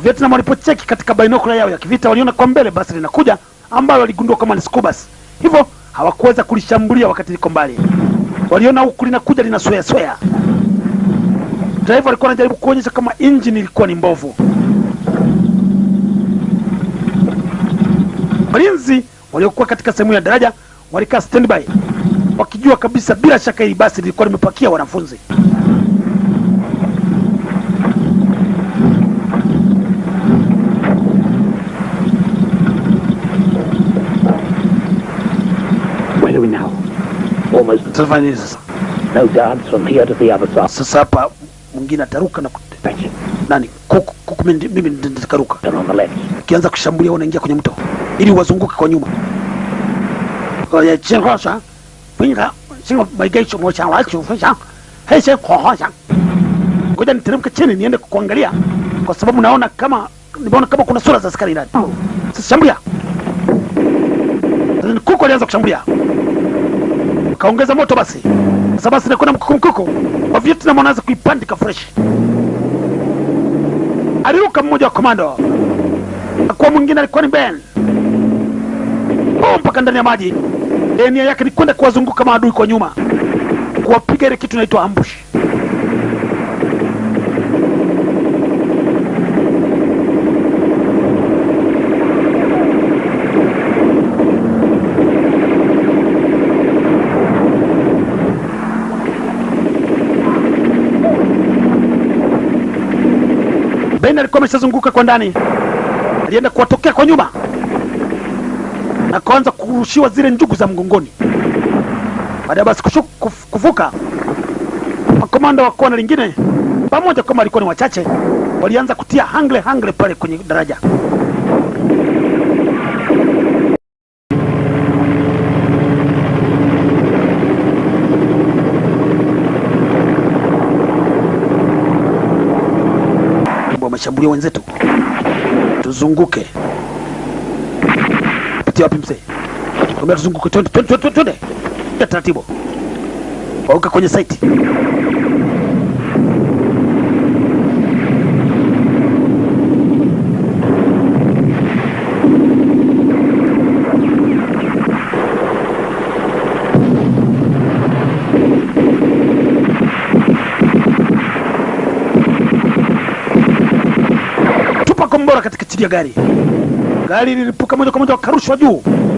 Vietnam walipocheki katika binokula yao ya kivita waliona kwa mbele basi linakuja ambalo waligundua kama ni Scubas, hivyo hawakuweza kulishambulia wakati liko mbali. Waliona huku linakuja linaswea swea. Draiva alikuwa anajaribu kuonyesha kama injini ilikuwa ni mbovu. Walinzi waliokuwa katika sehemu ya daraja walikaa standby, wakijua kabisa bila shaka hili basi lilikuwa limepakia wanafunzi. tutafanya nini sasa? No guards from here to the other side. Sasa hapa mwingine ataruka na nani kuku, kuku mimi nitakaruka. Ukianza kushambulia wanaingia kwenye mto ili wazunguke kwa nyuma. Ngoja chini niende kuangalia kwa sababu naona kama nimeona kama kuna sura za askari ndani. Sasa shambulia. Kuku alianza kushambulia. Akaongeza moto basi. Sasa basi nakwenda mkukumkuko wa Vietnam, wanaanza kuipandika fresh. Aliruka mmoja wa komando, akuwa mwingine alikuwa ni Ben mpaka ndani ya maji. Nia yake ni kwenda kuwazunguka maadui kwa nyuma, kuwapiga ile kitu inaitwa ambushi. Ben alikuwa ameshazunguka kwa ndani, alienda kuwatokea kwa nyuma na kuanza kurushiwa zile njugu za mgongoni. Baada ya basi kuf, kuvuka makomanda wa na lingine pamoja, kama walikuwa ni wachache, walianza kutia hangle hangle pale kwenye daraja. washambulia wenzetu, tuzunguke. Pitia wapi mzee? Tuzunguke, twende, twende, twende taratibu, wauka kwenye site. kombora katika chini ya gari, gari lilipuka moja kwa moja, wakarushwa juu.